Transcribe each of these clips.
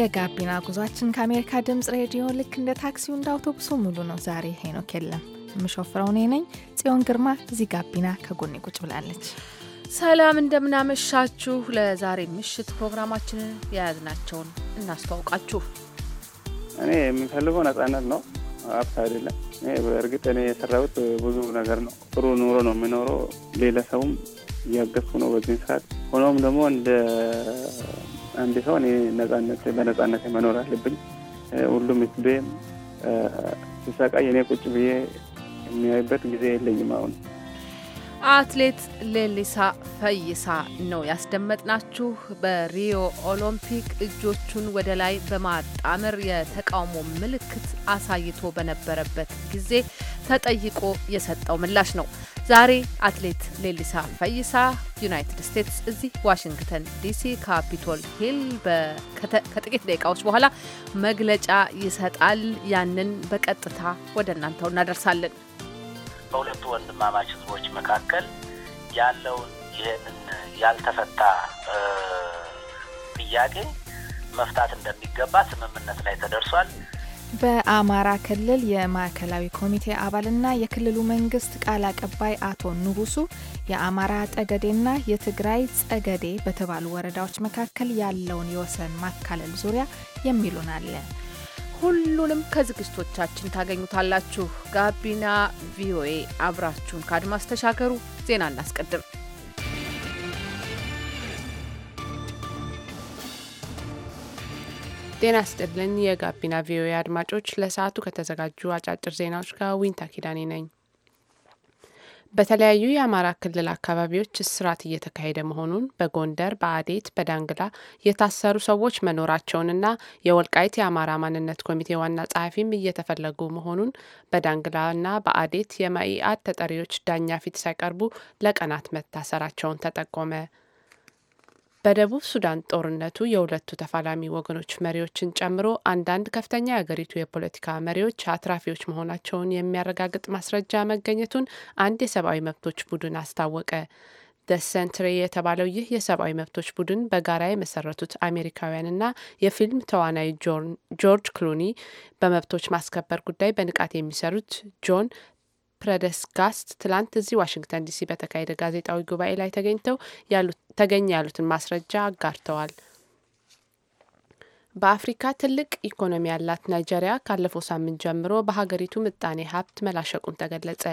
የጋቢና ጉዟችን ከአሜሪካ ድምጽ ሬዲዮ ልክ እንደ ታክሲው እንደ አውቶቡሱ ሙሉ ነው። ዛሬ ሄኖክ የለም፣ የምሾፍረው እኔ ነኝ ጽዮን ግርማ። እዚህ ጋቢና ከጎኔ ቁጭ ብላለች። ሰላም እንደምናመሻችሁ። ለዛሬ ምሽት ፕሮግራማችንን የያዝናቸውን እናስተዋውቃችሁ። እኔ የሚፈልገው ነጻነት ነው፣ ሀብት አይደለም። በእርግጥ እኔ የሰራሁት ብዙ ነገር ነው። ጥሩ ኑሮ ነው የሚኖረው፣ ሌላ ሰውም እያገዝኩ ነው በዚህ ሰዓት። ሆኖም ደግሞ እንደ አንድ ሰው እኔ ነጻነት በነጻነት መኖር አለብኝ፣ ሁሉም ህዝቤ ሲሰቃይ እኔ ቁጭ ብዬ የሚያይበት ጊዜ የለኝም። አሁን አትሌት ሌሊሳ ፈይሳ ነው ያስደመጥናችሁ። በሪዮ ኦሎምፒክ እጆቹን ወደ ላይ በማጣመር የተቃውሞ ምልክት አሳይቶ በነበረበት ጊዜ ተጠይቆ የሰጠው ምላሽ ነው። ዛሬ አትሌት ሌሊሳ ፈይሳ ዩናይትድ ስቴትስ እዚህ ዋሽንግተን ዲሲ ካፒቶል ሂል ከጥቂት ደቂቃዎች በኋላ መግለጫ ይሰጣል። ያንን በቀጥታ ወደ እናንተው እናደርሳለን። በሁለቱ ወንድማማች ህዝቦች መካከል ያለውን ይህንን ያልተፈታ ጥያቄ መፍታት እንደሚገባ ስምምነት ላይ ተደርሷል። በአማራ ክልል የማዕከላዊ ኮሚቴ አባልና የክልሉ መንግስት ቃል አቀባይ አቶ ንጉሱ የአማራ ጠገዴና የትግራይ ጸገዴ በተባሉ ወረዳዎች መካከል ያለውን የወሰን ማካለል ዙሪያ የሚሉን አለ። ሁሉንም ከዝግጅቶቻችን ታገኙታላችሁ። ጋቢና ቪኦኤ፣ አብራችሁን ከአድማስ ተሻገሩ። ዜና እናስቀድም። ጤና ስጥልን የጋቢና ቪኦኤ አድማጮች፣ ለሰዓቱ ከተዘጋጁ አጫጭር ዜናዎች ጋር ዊንታ ኪዳኔ ነኝ። በተለያዩ የአማራ ክልል አካባቢዎች እስራት እየተካሄደ መሆኑን በጎንደር በአዴት በዳንግላ የታሰሩ ሰዎች መኖራቸውንና የወልቃይት የአማራ ማንነት ኮሚቴ ዋና ጸሐፊም እየተፈለጉ መሆኑን በዳንግላና በአዴት የመኢአድ ተጠሪዎች ዳኛ ፊት ሳይቀርቡ ለቀናት መታሰራቸውን ተጠቆመ። በደቡብ ሱዳን ጦርነቱ የሁለቱ ተፋላሚ ወገኖች መሪዎችን ጨምሮ አንዳንድ ከፍተኛ የአገሪቱ የፖለቲካ መሪዎች አትራፊዎች መሆናቸውን የሚያረጋግጥ ማስረጃ መገኘቱን አንድ የሰብአዊ መብቶች ቡድን አስታወቀ። ሰንትሬ የተባለው ይህ የሰብአዊ መብቶች ቡድን በጋራ የመሰረቱት አሜሪካውያንና የፊልም ተዋናይ ጆርጅ ክሉኒ በመብቶች ማስከበር ጉዳይ በንቃት የሚሰሩት ጆን ፕረደስጋስት ትላንት እዚህ ዋሽንግተን ዲሲ በተካሄደ ጋዜጣዊ ጉባኤ ላይ ተገኝተው ተገኘ ያሉትን ማስረጃ አጋርተዋል። በአፍሪካ ትልቅ ኢኮኖሚ ያላት ናይጄሪያ ካለፈው ሳምንት ጀምሮ በሀገሪቱ ምጣኔ ሀብት መላሸቁን ተገለጸ።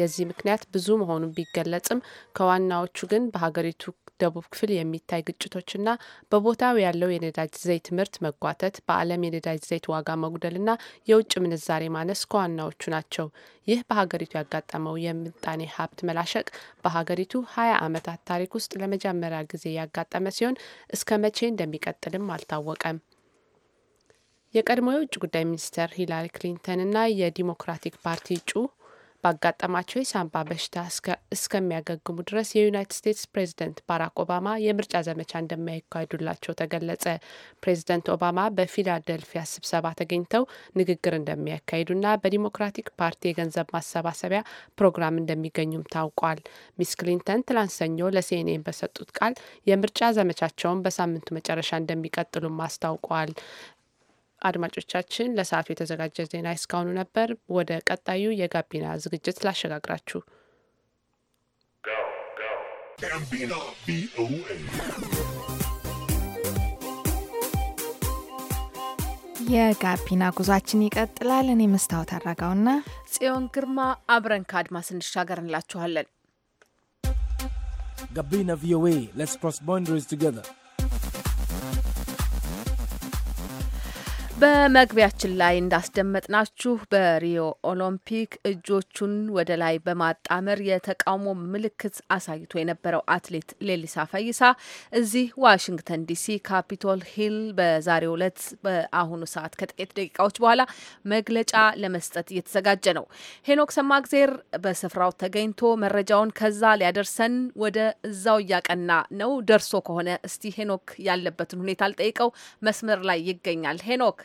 የዚህ ምክንያት ብዙ መሆኑን ቢገለጽም ከዋናዎቹ ግን በሀገሪቱ ደቡብ ክፍል የሚታይ ግጭቶችና በቦታው ያለው የነዳጅ ዘይት ምርት መጓተት፣ በዓለም የነዳጅ ዘይት ዋጋ መጉደልና የውጭ ምንዛሬ ማነስ ከዋናዎቹ ናቸው። ይህ በሀገሪቱ ያጋጠመው የምጣኔ ሀብት መላሸቅ በሀገሪቱ ሀያ ዓመታት ታሪክ ውስጥ ለመጀመሪያ ጊዜ ያጋጠመ ሲሆን እስከ መቼ እንደሚቀጥልም አልታወቀም። የቀድሞ የውጭ ጉዳይ ሚኒስትር ሂላሪ ክሊንተንና የዲሞክራቲክ ፓርቲ እጩ ባጋጠማቸው የሳምባ በሽታ እስከሚያገግሙ ድረስ የዩናይትድ ስቴትስ ፕሬዚደንት ባራክ ኦባማ የምርጫ ዘመቻ እንደሚያካሂዱላቸው ተገለጸ። ፕሬዚደንት ኦባማ በፊላደልፊያ ስብሰባ ተገኝተው ንግግር እንደሚያካሂዱና በዲሞክራቲክ ፓርቲ የገንዘብ ማሰባሰቢያ ፕሮግራም እንደሚገኙም ታውቋል። ሚስ ክሊንተን ትላንት ሰኞ ለሲኤንኤን በሰጡት ቃል የምርጫ ዘመቻቸውን በሳምንቱ መጨረሻ እንደሚቀጥሉም አስታውቀዋል። አድማጮቻችን ለሰዓቱ የተዘጋጀ ዜና እስካሁኑ ነበር። ወደ ቀጣዩ የጋቢና ዝግጅት ላሸጋግራችሁ። የጋቢና ጉዟችን ይቀጥላል። እኔ መስታወት አድረጋውና ጽዮን ግርማ አብረን ከአድማስ እንሻገር እንላችኋለን። ጋቢና ቪኦኤ ሌትስ ክሮስ ባውንደሪስ ቱጌዘር በመግቢያችን ላይ እንዳስደመጥናችሁ በሪዮ ኦሎምፒክ እጆቹን ወደ ላይ በማጣመር የተቃውሞ ምልክት አሳይቶ የነበረው አትሌት ሌሊሳ ፈይሳ እዚህ ዋሽንግተን ዲሲ ካፒቶል ሂል በዛሬው ዕለት በአሁኑ ሰዓት ከጥቂት ደቂቃዎች በኋላ መግለጫ ለመስጠት እየተዘጋጀ ነው። ሄኖክ ሰማግዜር በስፍራው ተገኝቶ መረጃውን ከዛ ሊያደርሰን ወደ እዛው እያቀና ነው። ደርሶ ከሆነ እስቲ ሄኖክ ያለበትን ሁኔታ አልጠይቀው መስመር ላይ ይገኛል። ሄኖክ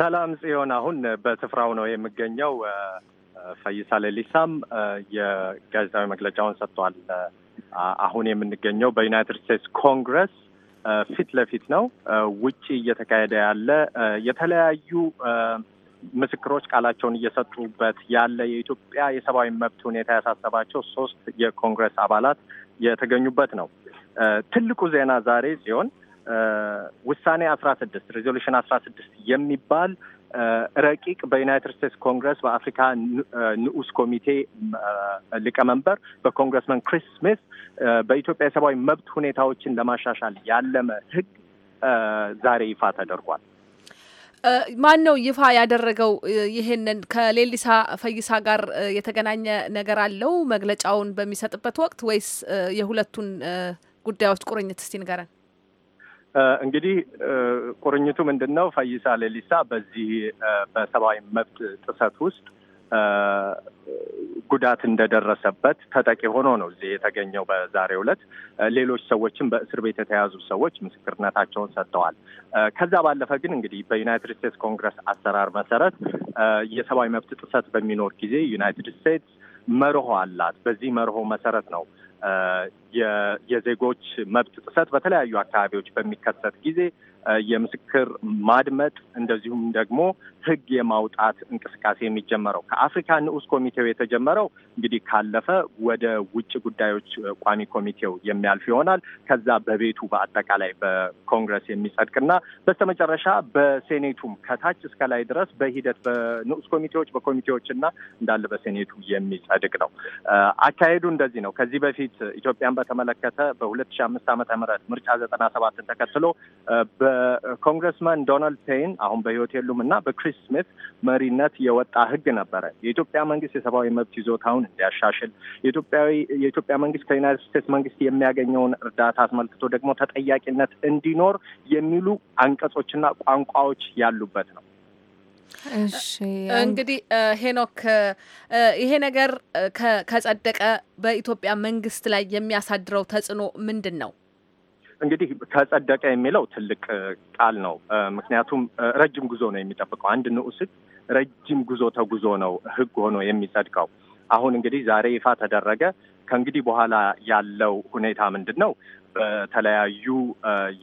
ሰላም ጽዮን፣ አሁን በስፍራው ነው የሚገኘው። ፈይሳ ሌሊሳም የጋዜጣዊ መግለጫውን ሰጥቷል። አሁን የምንገኘው በዩናይትድ ስቴትስ ኮንግረስ ፊት ለፊት ነው። ውጪ እየተካሄደ ያለ የተለያዩ ምስክሮች ቃላቸውን እየሰጡበት ያለ የኢትዮጵያ የሰብአዊ መብት ሁኔታ ያሳሰባቸው ሶስት የኮንግረስ አባላት የተገኙበት ነው። ትልቁ ዜና ዛሬ ሲሆን ውሳኔ አስራ ስድስት ሬዞሉሽን አስራ ስድስት የሚባል ረቂቅ በዩናይትድ ስቴትስ ኮንግረስ በአፍሪካ ንዑስ ኮሚቴ ሊቀመንበር በኮንግረስመን ክሪስ ስሚት በኢትዮጵያ የሰብአዊ መብት ሁኔታዎችን ለማሻሻል ያለመ ህግ ዛሬ ይፋ ተደርጓል። ማን ነው ይፋ ያደረገው? ይሄንን ከሌሊሳ ፈይሳ ጋር የተገናኘ ነገር አለው? መግለጫውን በሚሰጥበት ወቅት ወይስ የሁለቱን ጉዳዮች ቁርኝት እስቲ ንገረን። እንግዲህ ቁርኝቱ ምንድን ነው? ፈይሳ ሌሊሳ በዚህ በሰብአዊ መብት ጥሰት ውስጥ ጉዳት እንደደረሰበት ተጠቂ ሆኖ ነው እዚህ የተገኘው በዛሬው ዕለት። ሌሎች ሰዎችም በእስር ቤት የተያዙ ሰዎች ምስክርነታቸውን ሰጥተዋል። ከዛ ባለፈ ግን እንግዲህ በዩናይትድ ስቴትስ ኮንግረስ አሰራር መሰረት የሰብአዊ መብት ጥሰት በሚኖር ጊዜ ዩናይትድ ስቴትስ መርሆ አላት። በዚህ መርሆ መሰረት ነው የዜጎች መብት ጥሰት በተለያዩ አካባቢዎች በሚከሰት ጊዜ የምስክር ማድመጥ እንደዚሁም ደግሞ ሕግ የማውጣት እንቅስቃሴ የሚጀመረው ከአፍሪካ ንዑስ ኮሚቴ ኮሚቴው የተጀመረው እንግዲህ ካለፈ ወደ ውጭ ጉዳዮች ቋሚ ኮሚቴው የሚያልፍ ይሆናል። ከዛ በቤቱ በአጠቃላይ በኮንግረስ የሚጸድቅና በስተመጨረሻ በሴኔቱም ከታች እስከ ላይ ድረስ በሂደት በንዑስ ኮሚቴዎች በኮሚቴዎች እና እንዳለ በሴኔቱ የሚጸድቅ ነው። አካሄዱ እንደዚህ ነው። ከዚህ በፊት ኢትዮጵያን በተመለከተ በሁለት ሺ አምስት ዓመተ ምህረት ምርጫ ዘጠና ሰባትን ተከትሎ በኮንግረስመን ዶናልድ ፔይን አሁን በህይወት የሉም እና በክሪስ ስሚት መሪነት የወጣ ህግ ነበረ የኢትዮጵያ መንግስት የሰብአዊ መብት ይዞታውን እንዲያሻሽል የኢትዮጵያዊ የኢትዮጵያ መንግስት ከዩናይትድ ስቴትስ መንግስት የሚያገኘውን እርዳታ አስመልክቶ ደግሞ ተጠያቂነት እንዲኖር የሚሉ አንቀጾችና ቋንቋዎች ያሉበት ነው። እንግዲህ ሄኖክ ይሄ ነገር ከጸደቀ በኢትዮጵያ መንግስት ላይ የሚያሳድረው ተጽዕኖ ምንድን ነው? እንግዲህ ከጸደቀ የሚለው ትልቅ ቃል ነው። ምክንያቱም ረጅም ጉዞ ነው የሚጠብቀው አንድ ንዑስ ረጅም ጉዞ ተጉዞ ነው ህግ ሆኖ የሚጸድቀው። አሁን እንግዲህ ዛሬ ይፋ ተደረገ። ከእንግዲህ በኋላ ያለው ሁኔታ ምንድን ነው? በተለያዩ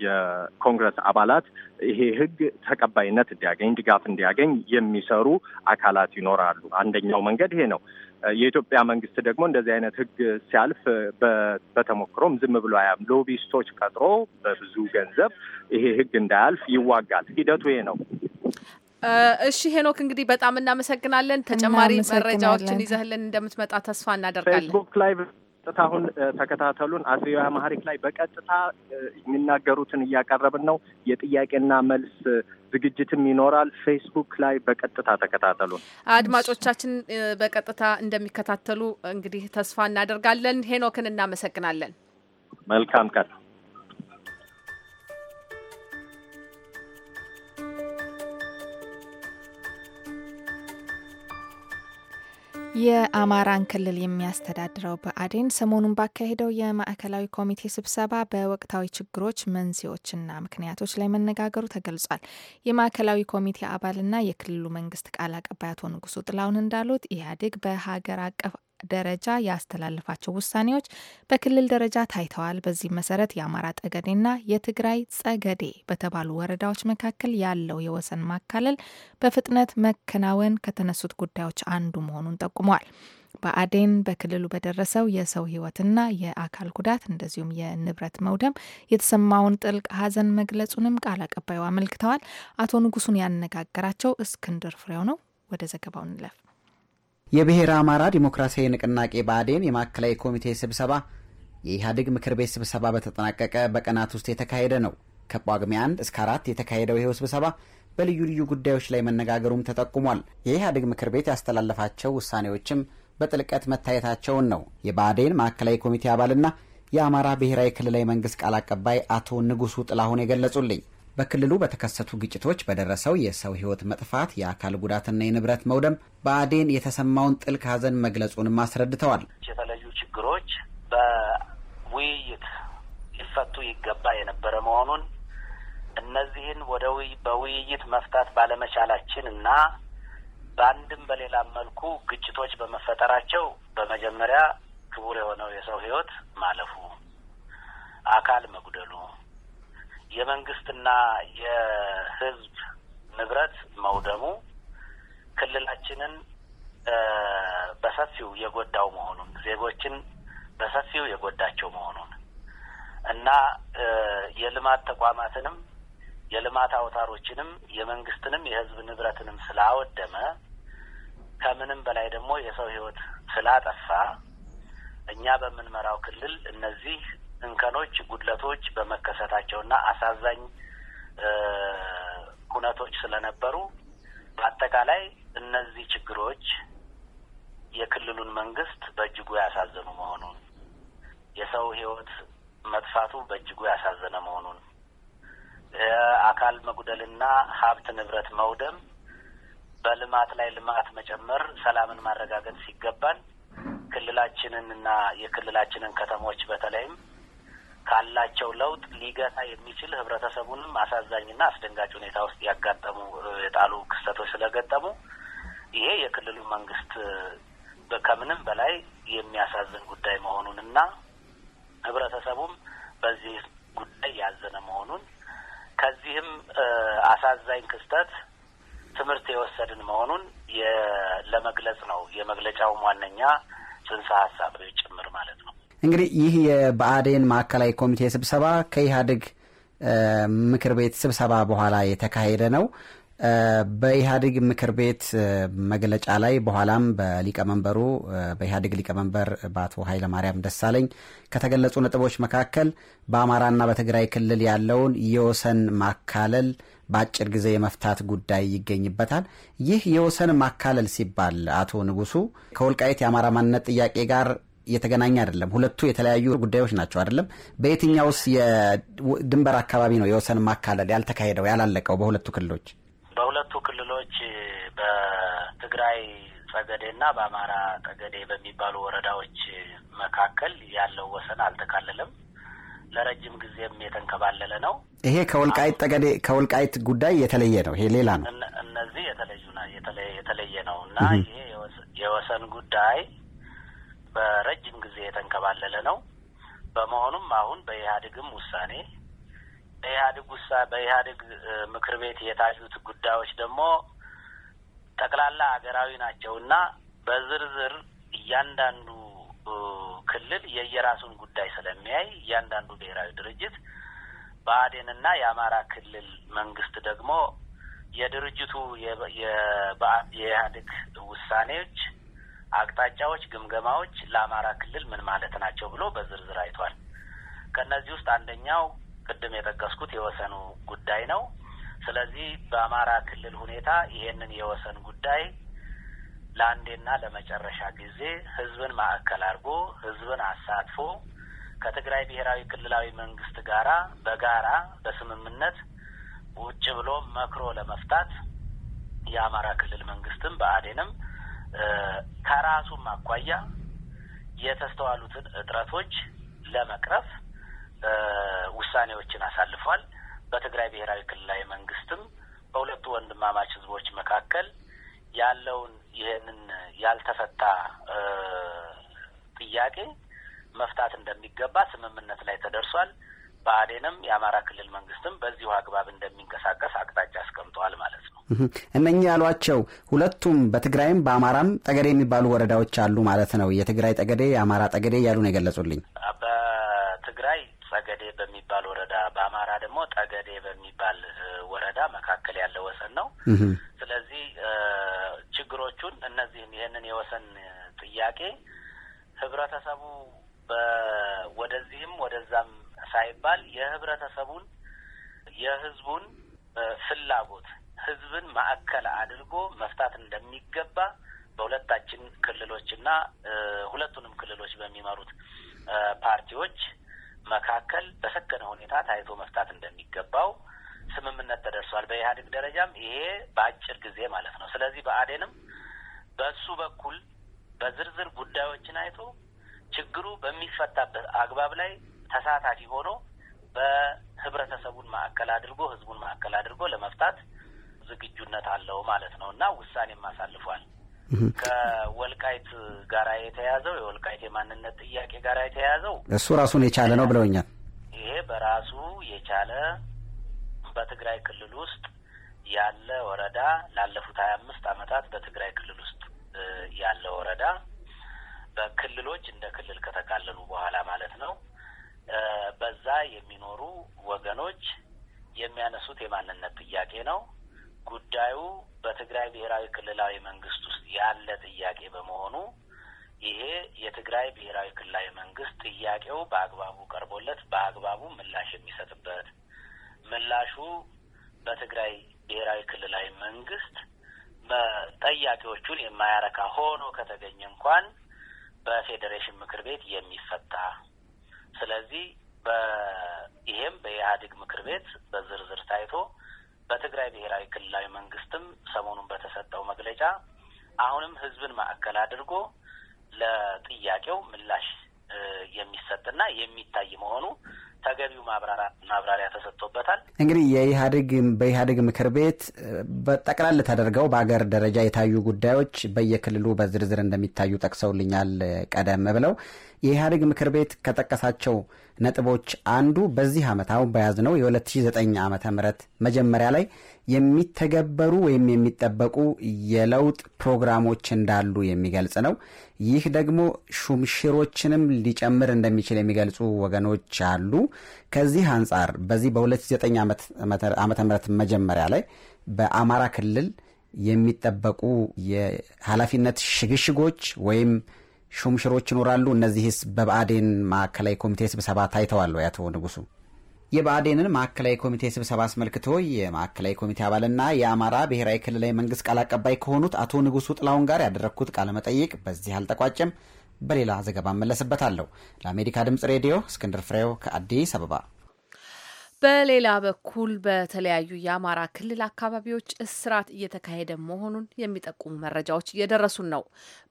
የኮንግረስ አባላት ይሄ ህግ ተቀባይነት እንዲያገኝ ድጋፍ እንዲያገኝ የሚሰሩ አካላት ይኖራሉ። አንደኛው መንገድ ይሄ ነው። የኢትዮጵያ መንግስት ደግሞ እንደዚህ አይነት ህግ ሲያልፍ በተሞክሮም ዝም ብሎ አያም ሎቢስቶች ቀጥሮ በብዙ ገንዘብ ይሄ ህግ እንዳያልፍ ይዋጋል። ሂደቱ ይሄ ነው። እሺ ሄኖክ እንግዲህ በጣም እናመሰግናለን። ተጨማሪ መረጃዎችን ይዘህልን እንደምትመጣ ተስፋ እናደርጋለን። ፌስቡክ ላይ በቀጥታ አሁን ተከታተሉን። አት አማሪክ ላይ በቀጥታ የሚናገሩትን እያቀረብን ነው። የጥያቄና መልስ ዝግጅትም ይኖራል። ፌስቡክ ላይ በቀጥታ ተከታተሉን። አድማጮቻችን በቀጥታ እንደሚከታተሉ እንግዲህ ተስፋ እናደርጋለን። ሄኖክን እናመሰግናለን። መልካም ቀን የአማራን ክልል የሚያስተዳድረው ብአዴን ሰሞኑን ባካሄደው የማዕከላዊ ኮሚቴ ስብሰባ በወቅታዊ ችግሮች መንስኤዎችና ምክንያቶች ላይ መነጋገሩ ተገልጿል። የማዕከላዊ ኮሚቴ አባልና የክልሉ መንግስት ቃል አቀባይ አቶ ንጉሱ ጥላውን እንዳሉት ኢህአዴግ በሀገር አቀፍ ደረጃ ያስተላለፋቸው ውሳኔዎች በክልል ደረጃ ታይተዋል። በዚህም መሰረት የአማራ ጠገዴና የትግራይ ጸገዴ በተባሉ ወረዳዎች መካከል ያለው የወሰን ማካለል በፍጥነት መከናወን ከተነሱት ጉዳዮች አንዱ መሆኑን ጠቁመዋል። በአዴን በክልሉ በደረሰው የሰው ህይወትና የአካል ጉዳት እንደዚሁም የንብረት መውደም የተሰማውን ጥልቅ ሐዘን መግለጹንም ቃል አቀባዩ አመልክተዋል። አቶ ንጉሱን ያነጋገራቸው እስክንድር ፍሬው ነው። ወደ ዘገባው እንለፍ። የብሔረ አማራ ዲሞክራሲያዊ ንቅናቄ ብአዴን የማዕከላዊ ኮሚቴ ስብሰባ የኢህአዴግ ምክር ቤት ስብሰባ በተጠናቀቀ በቀናት ውስጥ የተካሄደ ነው። ከጳጉሜ 1 እስከ 4 የተካሄደው ይኸው ስብሰባ በልዩ ልዩ ጉዳዮች ላይ መነጋገሩም ተጠቁሟል። የኢህአዴግ ምክር ቤት ያስተላለፋቸው ውሳኔዎችም በጥልቀት መታየታቸውን ነው የብአዴን ማዕከላዊ ኮሚቴ አባልና የአማራ ብሔራዊ ክልላዊ መንግስት ቃል አቀባይ አቶ ንጉሱ ጥላሁን የገለጹልኝ። በክልሉ በተከሰቱ ግጭቶች በደረሰው የሰው ህይወት መጥፋት፣ የአካል ጉዳትና የንብረት መውደም በአዴን የተሰማውን ጥልቅ ሀዘን መግለጹንም አስረድተዋል። የተለዩ ችግሮች በውይይት ሊፈቱ ይገባ የነበረ መሆኑን እነዚህን ወደ በውይይት መፍታት ባለመቻላችን እና በአንድም በሌላም መልኩ ግጭቶች በመፈጠራቸው በመጀመሪያ ክቡር የሆነው የሰው ህይወት ማለፉ፣ አካል መጉደሉ የመንግስትና የህዝብ ንብረት መውደሙ ክልላችንን በሰፊው የጎዳው መሆኑን ዜጎችን በሰፊው የጎዳቸው መሆኑን እና የልማት ተቋማትንም የልማት አውታሮችንም የመንግስትንም የህዝብ ንብረትንም ስላወደመ ከምንም በላይ ደግሞ የሰው ህይወት ስላጠፋ እኛ በምንመራው ክልል እነዚህ እንከኖች፣ ጉድለቶች በመከሰታቸውና አሳዛኝ ሁነቶች ስለነበሩ በአጠቃላይ እነዚህ ችግሮች የክልሉን መንግስት በእጅጉ ያሳዘኑ መሆኑን የሰው ህይወት መጥፋቱ በእጅጉ ያሳዘነ መሆኑን አካል መጉደልና ሀብት ንብረት መውደም በልማት ላይ ልማት መጨመር ሰላምን ማረጋገጥ ሲገባን ክልላችንን እና የክልላችንን ከተሞች በተለይም ካላቸው ለውጥ ሊገታ የሚችል ህብረተሰቡንም አሳዛኝና አስደንጋጭ ሁኔታ ውስጥ ያጋጠሙ የጣሉ ክስተቶች ስለገጠሙ ይሄ የክልሉ መንግስት ከምንም በላይ የሚያሳዝን ጉዳይ መሆኑንና ህብረተሰቡም በዚህ ጉዳይ ያዘነ መሆኑን ከዚህም አሳዛኝ ክስተት ትምህርት የወሰድን መሆኑን ለመግለጽ ነው የመግለጫውም ዋነኛ ጽንሰ ሀሳብ ጭምር ማለት ነው። እንግዲህ ይህ የብአዴን ማዕከላዊ ኮሚቴ ስብሰባ ከኢህአዴግ ምክር ቤት ስብሰባ በኋላ የተካሄደ ነው። በኢህአዴግ ምክር ቤት መግለጫ ላይ በኋላም በሊቀመንበሩ በኢህአዴግ ሊቀመንበር በአቶ ኃይለማርያም ደሳለኝ ከተገለጹ ነጥቦች መካከል በአማራና በትግራይ ክልል ያለውን የወሰን ማካለል በአጭር ጊዜ የመፍታት ጉዳይ ይገኝበታል። ይህ የወሰን ማካለል ሲባል አቶ ንጉሱ ከወልቃይት የአማራ ማንነት ጥያቄ ጋር የተገናኘ አይደለም። ሁለቱ የተለያዩ ጉዳዮች ናቸው አይደለም። በየትኛውስ የድንበር አካባቢ ነው የወሰን ማካለል ያልተካሄደው ያላለቀው? በሁለቱ ክልሎች በሁለቱ ክልሎች በትግራይ ጸገዴ እና በአማራ ጠገዴ በሚባሉ ወረዳዎች መካከል ያለው ወሰን አልተካለለም። ለረጅም ጊዜም የተንከባለለ ነው። ይሄ ከወልቃይት ጠገዴ ከወልቃይት ጉዳይ የተለየ ነው። ይሄ ሌላ ነው። እነዚህ የተለዩ የተለየ ነው እና ይሄ የወሰን ጉዳይ በረጅም ጊዜ የተንከባለለ ነው። በመሆኑም አሁን በኢህአዴግም ውሳኔ በኢህአዴግ ውሳ በኢህአዴግ ምክር ቤት የታዩት ጉዳዮች ደግሞ ጠቅላላ ሀገራዊ እና በዝርዝር እያንዳንዱ ክልል የየራሱን ጉዳይ ስለሚያይ እያንዳንዱ ብሔራዊ ድርጅት ና የአማራ ክልል መንግስት ደግሞ የድርጅቱ የኢህአዴግ ውሳኔዎች አቅጣጫዎች፣ ግምገማዎች ለአማራ ክልል ምን ማለት ናቸው ብሎ በዝርዝር አይቷል። ከእነዚህ ውስጥ አንደኛው ቅድም የጠቀስኩት የወሰኑ ጉዳይ ነው። ስለዚህ በአማራ ክልል ሁኔታ ይሄንን የወሰን ጉዳይ ለአንዴና ለመጨረሻ ጊዜ ህዝብን ማዕከል አድርጎ ህዝብን አሳትፎ ከትግራይ ብሔራዊ ክልላዊ መንግስት ጋራ በጋራ በስምምነት ውጭ ብሎ መክሮ ለመፍታት የአማራ ክልል መንግስትም በአዴንም? ከራሱም አኳያ የተስተዋሉትን እጥረቶች ለመቅረፍ ውሳኔዎችን አሳልፏል። በትግራይ ብሔራዊ ክልላዊ መንግስትም በሁለቱ ወንድማማች ህዝቦች መካከል ያለውን ይህንን ያልተፈታ ጥያቄ መፍታት እንደሚገባ ስምምነት ላይ ተደርሷል። በአዴንም የአማራ ክልል መንግስትም በዚሁ አግባብ እንደሚንቀሳቀስ አቅጣጫ አስቀምጠዋል ማለት ነው። እነኚህ ያሏቸው ሁለቱም በትግራይም በአማራም ጠገዴ የሚባሉ ወረዳዎች አሉ ማለት ነው። የትግራይ ጠገዴ፣ የአማራ ጠገዴ እያሉ ነው የገለጹልኝ። በትግራይ ጸገዴ በሚባል ወረዳ፣ በአማራ ደግሞ ጠገዴ በሚባል ወረዳ መካከል ያለ ወሰን ነው። ስለዚህ ችግሮቹን እነዚህን ይህንን የወሰን ጥያቄ ህብረተሰቡ ወደዚህም ወደዛም ሳይባል የህብረተሰቡን የህዝቡን ፍላጎት ህዝብን ማዕከል አድርጎ መፍታት እንደሚገባ በሁለታችን ክልሎችና ሁለቱንም ክልሎች በሚመሩት ፓርቲዎች መካከል በሰከነ ሁኔታ ታይቶ መፍታት እንደሚገባው ስምምነት ተደርሷል። በኢህአዴግ ደረጃም ይሄ በአጭር ጊዜ ማለት ነው። ስለዚህ በአዴንም በሱ በኩል በዝርዝር ጉዳዮችን አይቶ ችግሩ በሚፈታበት አግባብ ላይ ተሳታፊ ሆኖ በህብረተሰቡን ማዕከል አድርጎ ህዝቡን ማዕከል አድርጎ ለመፍታት ዝግጁነት አለው ማለት ነው እና ውሳኔም አሳልፏል። ከወልቃይት ጋራ የተያዘው የወልቃይት የማንነት ጥያቄ ጋር የተያዘው እሱ ራሱን የቻለ ነው ብለውኛል። ይሄ በራሱ የቻለ በትግራይ ክልል ውስጥ ያለ ወረዳ ላለፉት ሀያ አምስት አመታት በትግራይ ክልል ውስጥ ያለ ወረዳ በክልሎች እንደ ክልል ከተካለሉ በኋላ ማለት ነው በዛ የሚኖሩ ወገኖች የሚያነሱት የማንነት ጥያቄ ነው። ጉዳዩ በትግራይ ብሔራዊ ክልላዊ መንግስት ውስጥ ያለ ጥያቄ በመሆኑ ይሄ የትግራይ ብሔራዊ ክልላዊ መንግስት ጥያቄው በአግባቡ ቀርቦለት በአግባቡ ምላሽ የሚሰጥበት ምላሹ በትግራይ ብሔራዊ ክልላዊ መንግስት ጠያቂዎቹን የማያረካ ሆኖ ከተገኘ እንኳን በፌዴሬሽን ምክር ቤት የሚፈታ ስለዚህ ይሄም በኢህአዴግ ምክር ቤት በዝርዝር ታይቶ በትግራይ ብሔራዊ ክልላዊ መንግስትም ሰሞኑን በተሰጠው መግለጫ አሁንም ህዝብን ማዕከል አድርጎ ለጥያቄው ምላሽ የሚሰጥና የሚታይ መሆኑ ተገቢው ማብራሪያ ተሰጥቶበታል። እንግዲህ የኢህአዴግ በኢህአዴግ ምክር ቤት በጠቅላላ ተደርገው በሀገር ደረጃ የታዩ ጉዳዮች በየክልሉ በዝርዝር እንደሚታዩ ጠቅሰውልኛል ቀደም ብለው የኢህአዴግ ምክር ቤት ከጠቀሳቸው ነጥቦች አንዱ በዚህ ዓመት አሁን በያዝነው የ2009 ዓ ም መጀመሪያ ላይ የሚተገበሩ ወይም የሚጠበቁ የለውጥ ፕሮግራሞች እንዳሉ የሚገልጽ ነው። ይህ ደግሞ ሹምሽሮችንም ሊጨምር እንደሚችል የሚገልጹ ወገኖች አሉ። ከዚህ አንጻር በዚህ በ2009 ዓ ም መጀመሪያ ላይ በአማራ ክልል የሚጠበቁ የኃላፊነት ሽግሽጎች ወይም ሹምሽሮች ይኖራሉ። እነዚህስ በብአዴን ማዕከላዊ ኮሚቴ ስብሰባ ታይተዋሉ? አቶ ንጉሱ፣ የብአዴንን ማዕከላዊ ኮሚቴ ስብሰባ አስመልክቶ የማዕከላዊ ኮሚቴ አባልና የአማራ ብሔራዊ ክልላዊ መንግስት ቃል አቀባይ ከሆኑት አቶ ንጉሱ ጥላውን ጋር ያደረግኩት ቃለመጠይቅ በዚህ አልጠቋጭም። በሌላ ዘገባ እመለስበታለሁ። ለአሜሪካ ድምፅ ሬዲዮ እስክንድር ፍሬው ከአዲስ አበባ በሌላ በኩል በተለያዩ የአማራ ክልል አካባቢዎች እስራት እየተካሄደ መሆኑን የሚጠቁሙ መረጃዎች እየደረሱን ነው።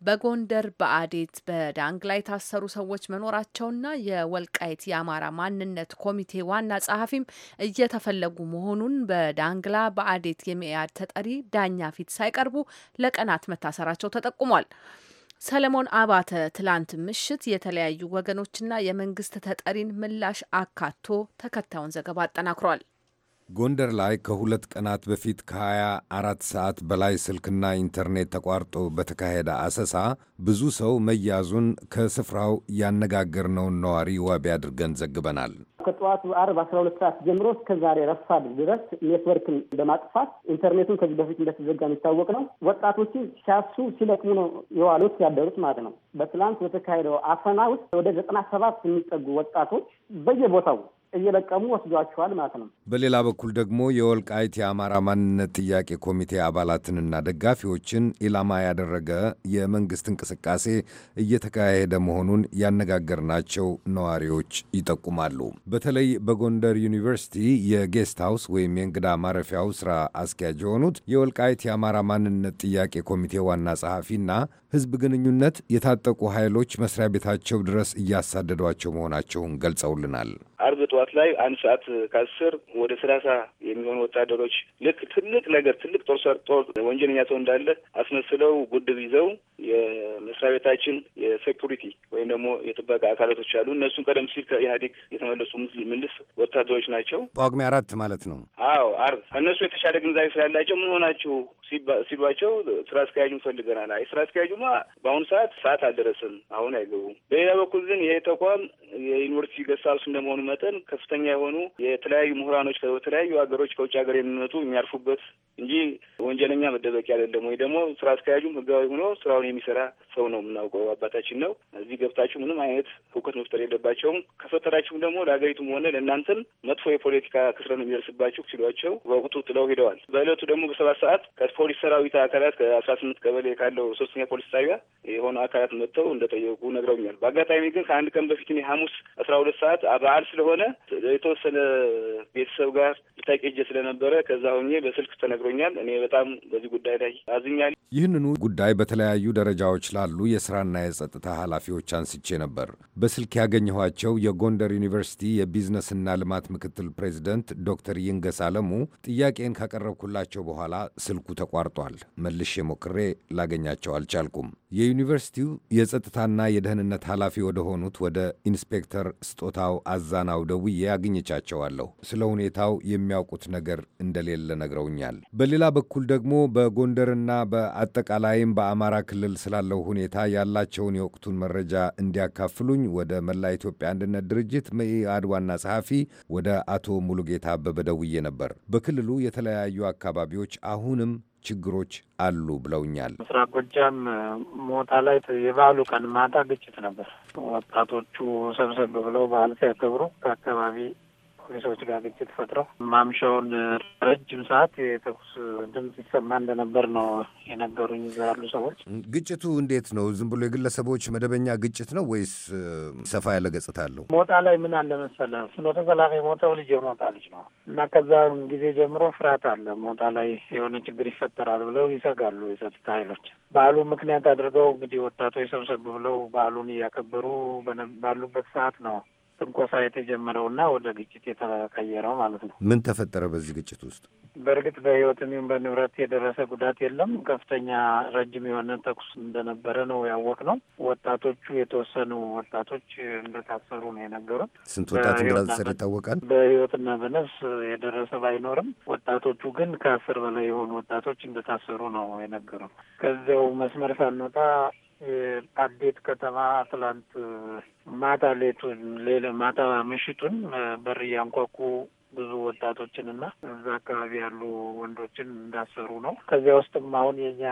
በጎንደር በአዴት በዳንግላ የታሰሩ ሰዎች መኖራቸውና የወልቃይት የአማራ ማንነት ኮሚቴ ዋና ጸሐፊም እየተፈለጉ መሆኑን በዳንግላ በአዴት የመያድ ተጠሪ ዳኛ ፊት ሳይቀርቡ ለቀናት መታሰራቸው ተጠቁሟል። ሰለሞን አባተ ትላንት ምሽት የተለያዩ ወገኖችና የመንግስት ተጠሪን ምላሽ አካቶ ተከታዩን ዘገባ አጠናክሯል። ጎንደር ላይ ከሁለት ቀናት በፊት ከ24 ሰዓት በላይ ስልክና ኢንተርኔት ተቋርጦ በተካሄደ አሰሳ ብዙ ሰው መያዙን ከስፍራው ያነጋገርነውን ነዋሪ ዋቢ አድርገን ዘግበናል። ከጠዋቱ አርብ አስራ ሁለት ሰዓት ጀምሮ እስከ ዛሬ ረፋድ ድረስ ኔትወርክን በማጥፋት ኢንተርኔቱን ከዚህ በፊት እንደተዘጋ የሚታወቅ ነው። ወጣቶቹ ሲያሱ ሲለቅሙ ነው የዋሉት ያደሩት ማለት ነው። በትላንት በተካሄደው አፈና ውስጥ ወደ ዘጠና ሰባት የሚጠጉ ወጣቶች በየቦታው እየለቀሙ ወስዷቸዋል ማለት ነው። በሌላ በኩል ደግሞ የወልቃይት የአማራ ማንነት ጥያቄ ኮሚቴ አባላትንና ደጋፊዎችን ኢላማ ያደረገ የመንግስት እንቅስቃሴ እየተካሄደ መሆኑን ያነጋገርናቸው ነዋሪዎች ይጠቁማሉ። በተለይ በጎንደር ዩኒቨርሲቲ የጌስት ሃውስ ወይም የእንግዳ ማረፊያው ስራ አስኪያጅ የሆኑት የወልቃይት የአማራ ማንነት ጥያቄ ኮሚቴ ዋና ጸሐፊና ህዝብ ግንኙነት የታጠቁ ኃይሎች መስሪያ ቤታቸው ድረስ እያሳደዷቸው መሆናቸውን ገልጸውልናል። ጠዋት ላይ አንድ ሰዓት ከአስር ወደ ሰላሳ የሚሆኑ ወታደሮች ልክ ትልቅ ነገር ትልቅ ጦር ሰርጦ ወንጀለኛ ሰው እንዳለ አስመስለው ጉድብ ይዘው የመስሪያ ቤታችን የሴኩሪቲ ወይም ደግሞ የጥበቃ አካላቶች አሉ። እነሱን ቀደም ሲል ከኢህአዴግ የተመለሱ ምልስ ወታደሮች ናቸው። ጳጉሜ አራት ማለት ነው። አዎ አር እነሱ የተሻለ ግንዛቤ ስላላቸው ምን ሆናችሁ ሲሏቸው ስራ አስኪያጁ ፈልገናል። አይ ስራ አስኪያጁማ በአሁኑ ሰዓት ሰዓት አልደረስም፣ አሁን አይገቡም። በሌላ በኩል ግን ይሄ ተቋም የዩኒቨርሲቲ ገሳሱ እንደመሆኑ መጠን ከፍተኛ የሆኑ የተለያዩ ምሁራኖች ከተለያዩ ሀገሮች ከውጭ ሀገር የሚመጡ የሚያርፉበት እንጂ ወንጀለኛ መደበቂያ አይደለም። ወይ ደግሞ ስራ አስኪያጁም ህጋዊ ሆኖ ስራውን የሚሰራ ሰው ነው የምናውቀው፣ አባታችን ነው። እዚህ ገብታችሁ ምንም አይነት እውቀት መፍጠር የለባቸውም። ከፈጠራችሁም ደግሞ ለሀገሪቱም ሆነ ለእናንተም መጥፎ የፖለቲካ ክስረ ነው የሚደርስባቸው ሲሏቸው በወቅቱ ጥለው ሄደዋል። በእለቱ ደግሞ በሰባት ሰዓት ከፖሊስ ሰራዊት አካላት ከአስራ ስምንት ቀበሌ ካለው ሶስተኛ ፖሊስ ጣቢያ የሆነ አካላት መጥተው እንደጠየቁ ነግረውኛል። በአጋጣሚ ግን ከአንድ ቀን በፊት እኔ ሐሙስ አስራ ሁለት ሰዓት በዓል ስለሆነ የተወሰነ ቤተሰብ ጋር ልታቄጀ ስለነበረ ከዛ ሁኜ በስልክ ተነግሮኛል። እኔ በጣም በዚህ ጉዳይ ላይ አዝኛል። ይህንኑ ጉዳይ በተለያዩ ደረጃዎች ላሉ የሥራና የጸጥታ ኃላፊዎች አንስቼ ነበር። በስልክ ያገኘኋቸው የጎንደር ዩኒቨርሲቲ የቢዝነስና ልማት ምክትል ፕሬዚደንት ዶክተር ይንገስ አለሙ ጥያቄን ካቀረብኩላቸው በኋላ ስልኩ ተቋርጧል። መልሼ ሞክሬ ላገኛቸው አልቻልኩም። የዩኒቨርሲቲው የጸጥታና የደህንነት ኃላፊ ወደ ሆኑት ወደ ኢንስፔክተር ስጦታው አዛናው ደውዬ አግኝቻቸዋለሁ። ስለ ሁኔታው የሚያውቁት ነገር እንደሌለ ነግረውኛል። በሌላ በኩል ደግሞ በጎንደርና በአጠቃላይም በአማራ ክልል ክልል ስላለው ሁኔታ ያላቸውን የወቅቱን መረጃ እንዲያካፍሉኝ ወደ መላ ኢትዮጵያ አንድነት ድርጅት መኢአድ ዋና ጸሐፊ ወደ አቶ ሙሉጌታ አበበ ደውዬ ነበር። በክልሉ የተለያዩ አካባቢዎች አሁንም ችግሮች አሉ ብለውኛል። ምስራቅ ጎጃም ሞታ ላይ የበዓሉ ቀን ማታ ግጭት ነበር። ወጣቶቹ ሰብሰብ ብለው በዓል ሲያከብሩ ከአካባቢ ከፖሊሶች ጋር ግጭት ፈጥረው ማምሻውን ረጅም ሰዓት የተኩስ ድምፅ ይሰማ እንደነበር ነው የነገሩኝ እዛ ያሉ ሰዎች። ግጭቱ እንዴት ነው? ዝም ብሎ የግለሰቦች መደበኛ ግጭት ነው ወይስ ሰፋ ያለ ገጽታ አለው? ሞጣ ላይ ምን አለ መሰለህ፣ ፍኖተ ሰላም የሞተው ልጅ የሞጣ ልጅ ነው እና ከዛ ጊዜ ጀምሮ ፍርሃት አለ። ሞጣ ላይ የሆነ ችግር ይፈጠራል ብለው ይሰጋሉ የጸጥታ ኃይሎች። በዓሉ ምክንያት አድርገው እንግዲህ ወጣቶች ሰብሰብ ብለው በዓሉን እያከበሩ ባሉበት ሰዓት ነው ትንኮሳ የተጀመረውና ወደ ግጭት የተቀየረው ማለት ነው። ምን ተፈጠረ በዚህ ግጭት ውስጥ? በእርግጥ በሕይወትም ይሁን በንብረት የደረሰ ጉዳት የለም። ከፍተኛ ረጅም የሆነ ተኩስ እንደነበረ ነው ነው። ወጣቶቹ የተወሰኑ ወጣቶች እንደታሰሩ ነው የነገሩት። ስንት ወጣት እንደታሰረ ይታወቃል? በህይወትና በነፍስ የደረሰ ባይኖርም ወጣቶቹ ግን ከአስር በላይ የሆኑ ወጣቶች እንደታሰሩ ነው የነገሩት። ከዚያው መስመር ሳንወጣ አዴት ከተማ ትላንት ማታ ሌቱን ሌለ ማታ ምሽቱን በር እያንኳኩ ብዙ ወጣቶችን እና እዛ አካባቢ ያሉ ወንዶችን እንዳሰሩ ነው። ከዚያ ውስጥም አሁን የኛ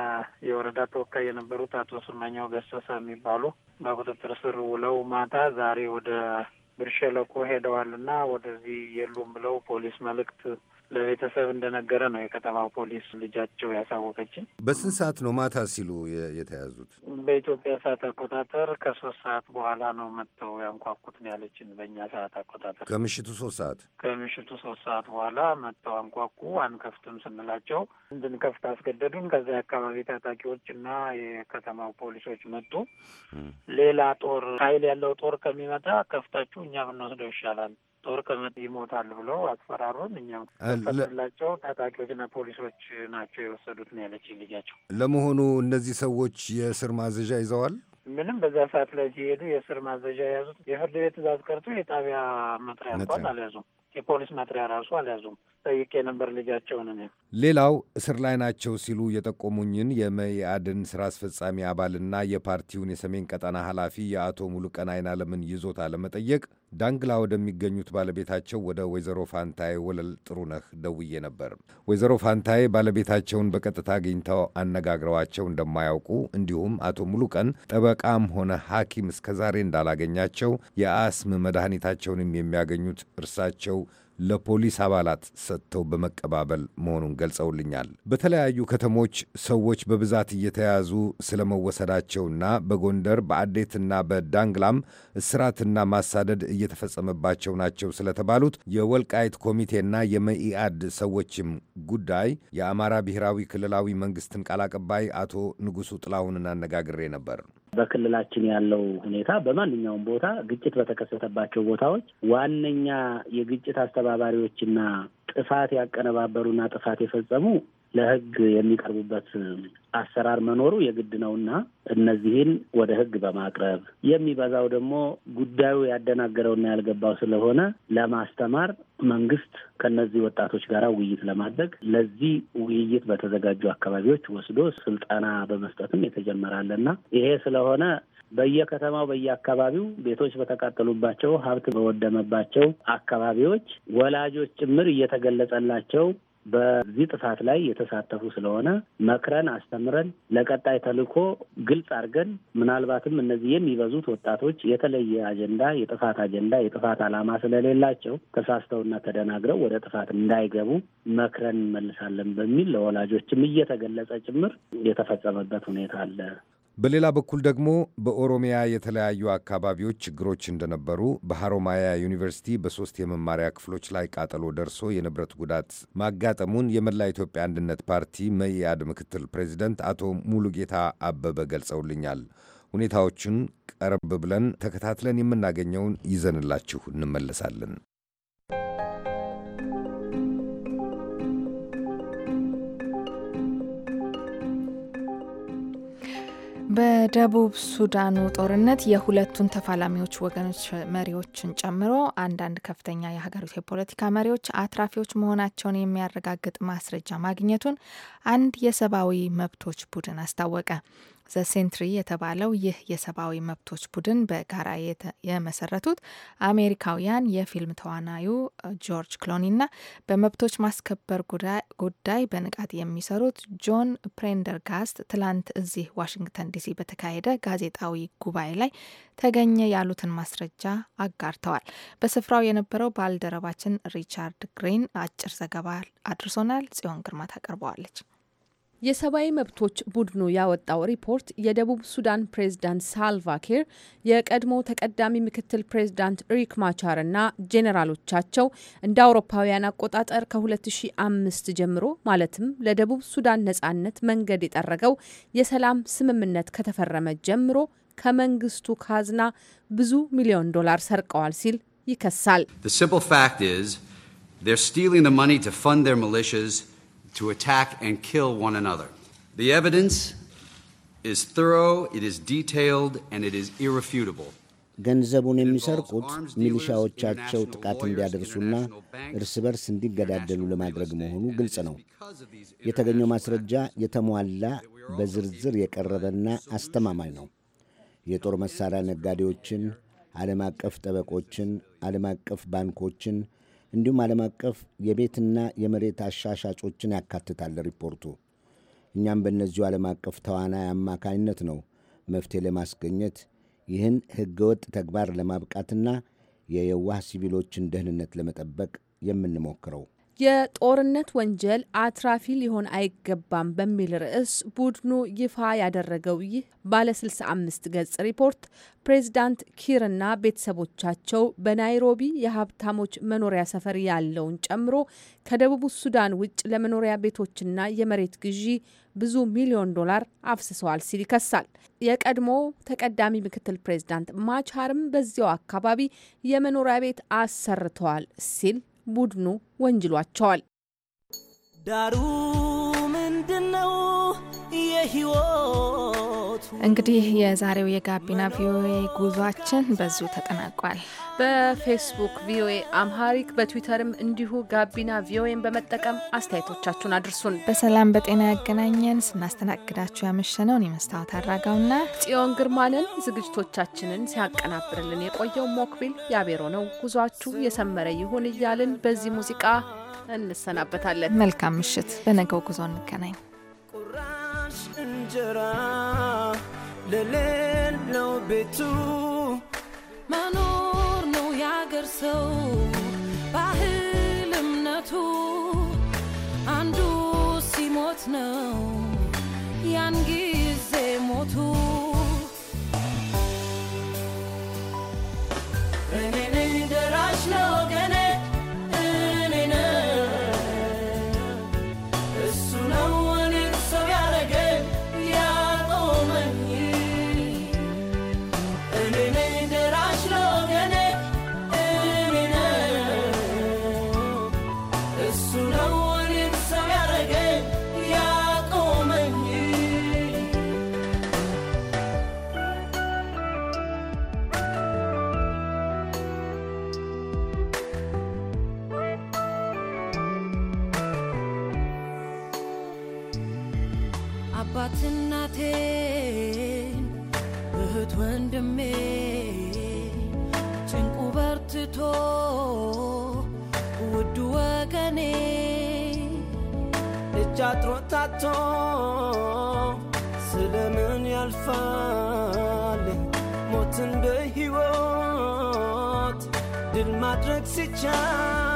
የወረዳ ተወካይ የነበሩት አቶ ስመኛው ገሰሳ የሚባሉ በቁጥጥር ስር ውለው ማታ ዛሬ ወደ ብርሸለቆ ሄደዋል እና ወደዚህ የሉም ብለው ፖሊስ መልእክት ለቤተሰብ እንደነገረ ነው የከተማው ፖሊስ ልጃቸው ያሳወቀችን በስንት ሰዓት ነው ማታ ሲሉ የተያዙት? በኢትዮጵያ ሰዓት አቆጣጠር ከሶስት ሰዓት በኋላ ነው መጥተው ያንኳኩት ነው ያለችን። በእኛ ሰዓት አቆጣጠር ከምሽቱ ሶስት ሰዓት ከምሽቱ ሶስት ሰዓት በኋላ መጥተው አንኳኩ። አንከፍትም ስንላቸው እንድንከፍት አስገደዱን። ከዚ አካባቢ ታጣቂዎች እና የከተማው ፖሊሶች መጡ። ሌላ ጦር ኃይል ያለው ጦር ከሚመጣ ከፍታችሁ እኛ ብንወስደው ይሻላል ጦር ቀመድ ይሞታል ብሎ አስፈራሩን። እኛም ተፈላቸው ታጣቂዎችና ፖሊሶች ናቸው የወሰዱት ነው ያለች ልጃቸው። ለመሆኑ እነዚህ ሰዎች የእስር ማዘዣ ይዘዋል? ምንም በዛ ሰዓት ላይ ሲሄዱ የእስር ማዘዣ የያዙት የፍርድ ቤት ትእዛዝ ቀርቶ የጣቢያ መጥሪያ እንኳን አልያዙም። የፖሊስ መጥሪያ ራሱ አልያዙም። ጠይቄ ነበር ልጃቸውን። እኔ ሌላው እስር ላይ ናቸው ሲሉ የጠቆሙኝን የመኢአድን ስራ አስፈጻሚ አባልና የፓርቲውን የሰሜን ቀጠና ኃላፊ የአቶ ሙሉቀን አይናለምን ይዞታ ለመጠየቅ ዳንግላ ወደሚገኙት ባለቤታቸው ወደ ወይዘሮ ፋንታዬ ወለል ጥሩነህ ደውዬ ነበር። ወይዘሮ ፋንታዬ ባለቤታቸውን በቀጥታ አግኝተው አነጋግረዋቸው እንደማያውቁ እንዲሁም አቶ ሙሉቀን ጠበቃም ሆነ ሐኪም እስከዛሬ እንዳላገኛቸው የአስም መድኃኒታቸውንም የሚያገኙት እርሳቸው ለፖሊስ አባላት ሰጥተው በመቀባበል መሆኑን ገልጸውልኛል። በተለያዩ ከተሞች ሰዎች በብዛት እየተያዙ ስለመወሰዳቸውና በጎንደር በአዴትና በዳንግላም እስራትና ማሳደድ እየተፈጸመባቸው ናቸው ስለተባሉት የወልቃይት ኮሚቴና የመኢአድ ሰዎችም ጉዳይ የአማራ ብሔራዊ ክልላዊ መንግስትን ቃል አቀባይ አቶ ንጉሱ ጥላሁንን አነጋግሬ ነበር። በክልላችን ያለው ሁኔታ በማንኛውም ቦታ ግጭት በተከሰተባቸው ቦታዎች ዋነኛ የግጭት አስተባባሪዎችና ጥፋት ያቀነባበሩና ጥፋት የፈጸሙ ለህግ የሚቀርቡበት አሰራር መኖሩ የግድ ነውና እነዚህን ወደ ህግ በማቅረብ የሚበዛው ደግሞ ጉዳዩ ያደናገረውና ያልገባው ስለሆነ ለማስተማር መንግስት ከነዚህ ወጣቶች ጋር ውይይት ለማድረግ ለዚህ ውይይት በተዘጋጁ አካባቢዎች ወስዶ ስልጠና በመስጠትም የተጀመራለና ይሄ ስለሆነ በየከተማው በየአካባቢው ቤቶች በተቃጠሉባቸው ሀብት በወደመባቸው አካባቢዎች ወላጆች ጭምር እየተገለጸላቸው በዚህ ጥፋት ላይ የተሳተፉ ስለሆነ መክረን አስተምረን ለቀጣይ ተልእኮ ግልጽ አድርገን ምናልባትም እነዚህ የሚበዙት ወጣቶች የተለየ አጀንዳ፣ የጥፋት አጀንዳ፣ የጥፋት ዓላማ ስለሌላቸው ተሳስተውና ተደናግረው ወደ ጥፋት እንዳይገቡ መክረን እንመልሳለን በሚል ለወላጆችም እየተገለጸ ጭምር የተፈጸመበት ሁኔታ አለ። በሌላ በኩል ደግሞ በኦሮሚያ የተለያዩ አካባቢዎች ችግሮች እንደነበሩ በሐሮማያ ዩኒቨርሲቲ በሦስት የመማሪያ ክፍሎች ላይ ቃጠሎ ደርሶ የንብረት ጉዳት ማጋጠሙን የመላ ኢትዮጵያ አንድነት ፓርቲ መኢአድ ምክትል ፕሬዚደንት አቶ ሙሉጌታ አበበ ገልጸውልኛል። ሁኔታዎቹን ቀረብ ብለን ተከታትለን የምናገኘውን ይዘንላችሁ እንመለሳለን። በደቡብ ሱዳኑ ጦርነት የሁለቱን ተፋላሚዎች ወገኖች መሪዎችን ጨምሮ አንዳንድ ከፍተኛ የሀገሪቱ የፖለቲካ መሪዎች አትራፊዎች መሆናቸውን የሚያረጋግጥ ማስረጃ ማግኘቱን አንድ የሰብአዊ መብቶች ቡድን አስታወቀ። ዘሴንትሪ የተባለው ይህ የሰብአዊ መብቶች ቡድን በጋራ የመሰረቱት አሜሪካውያን የፊልም ተዋናዩ ጆርጅ ክሎኒና በመብቶች ማስከበር ጉዳይ በንቃት የሚሰሩት ጆን ፕሬንደርጋስት ትላንት እዚህ ዋሽንግተን ዲሲ በተካሄደ ጋዜጣዊ ጉባኤ ላይ ተገኘ ያሉትን ማስረጃ አጋርተዋል። በስፍራው የነበረው ባልደረባችን ሪቻርድ ግሪን አጭር ዘገባ አድርሶናል። ጽዮን ግርማ ታቀርበዋለች። የሰብአዊ መብቶች ቡድኑ ያወጣው ሪፖርት የደቡብ ሱዳን ፕሬዝዳንት ሳልቫኪር የቀድሞ ተቀዳሚ ምክትል ፕሬዝዳንት ሪክ ማቻር እና ጄኔራሎቻቸው እንደ አውሮፓውያን አቆጣጠር ከ2005 ጀምሮ ማለትም ለደቡብ ሱዳን ነጻነት መንገድ የጠረገው የሰላም ስምምነት ከተፈረመ ጀምሮ ከመንግስቱ ካዝና ብዙ ሚሊዮን ዶላር ሰርቀዋል ሲል ይከሳል። to attack and kill one another. The evidence is thorough, it is detailed, and it is irrefutable. ገንዘቡን የሚሰርቁት ሚሊሻዎቻቸው ጥቃት እንዲያደርሱና እርስ በርስ እንዲገዳደሉ ለማድረግ መሆኑ ግልጽ ነው። የተገኘው ማስረጃ የተሟላ በዝርዝር የቀረበና አስተማማኝ ነው። የጦር መሣሪያ ነጋዴዎችን፣ ዓለም አቀፍ ጠበቆችን፣ ዓለም አቀፍ ባንኮችን እንዲሁም ዓለም አቀፍ የቤትና የመሬት አሻሻጮችን ያካትታል ሪፖርቱ። እኛም በእነዚሁ ዓለም አቀፍ ተዋናይ አማካኝነት ነው መፍትሄ ለማስገኘት ይህን ሕገወጥ ተግባር ለማብቃትና የየዋህ ሲቪሎችን ደህንነት ለመጠበቅ የምንሞክረው። የጦርነት ወንጀል አትራፊ ሊሆን አይገባም በሚል ርዕስ ቡድኑ ይፋ ያደረገው ይህ ባለ 65 ገጽ ሪፖርት ፕሬዚዳንት ኪርና ቤተሰቦቻቸው በናይሮቢ የሀብታሞች መኖሪያ ሰፈር ያለውን ጨምሮ ከደቡብ ሱዳን ውጭ ለመኖሪያ ቤቶችና የመሬት ግዢ ብዙ ሚሊዮን ዶላር አፍስሰዋል ሲል ይከሳል። የቀድሞ ተቀዳሚ ምክትል ፕሬዚዳንት ማቻርም በዚያው አካባቢ የመኖሪያ ቤት አሰርተዋል ሲል ቡድኑ ወንጅሏቸዋል። ዳሩ ምንድነው የህይወት እንግዲህ የዛሬው የጋቢና ቪኦኤ ጉዟችን በዚሁ ተጠናቋል። በፌስቡክ ቪኦኤ አምሃሪክ፣ በትዊተርም እንዲሁ ጋቢና ቪኦኤን በመጠቀም አስተያየቶቻችሁን አድርሱን። በሰላም በጤና ያገናኘን። ስናስተናግዳችሁ ያመሸነውን የመስታወት አድራጋውና ጽዮን ግርማንን፣ ዝግጅቶቻችንን ሲያቀናብርልን የቆየው ሞክቢል ያቤሮ ነው። ጉዟችሁ የሰመረ ይሁን እያልን በዚህ ሙዚቃ እንሰናበታለን። መልካም ምሽት። በነገው ጉዞ እንገናኝ። ቁራሽ እንጀራ ለሌለው ቤቱ መኖር ነው ያገር ሰው ባህል እምነቱ አንዱ ሲሞት ነው ያን ጊዜ ሞቱ አባት እናቴን እህት ወንድሜ ጭንቁ በርትቶ ውድ ወገኔ እጅ ታቶ ስለምን ያልፋል ሞትን በሕይወት ድል ማድረግ ሲቻል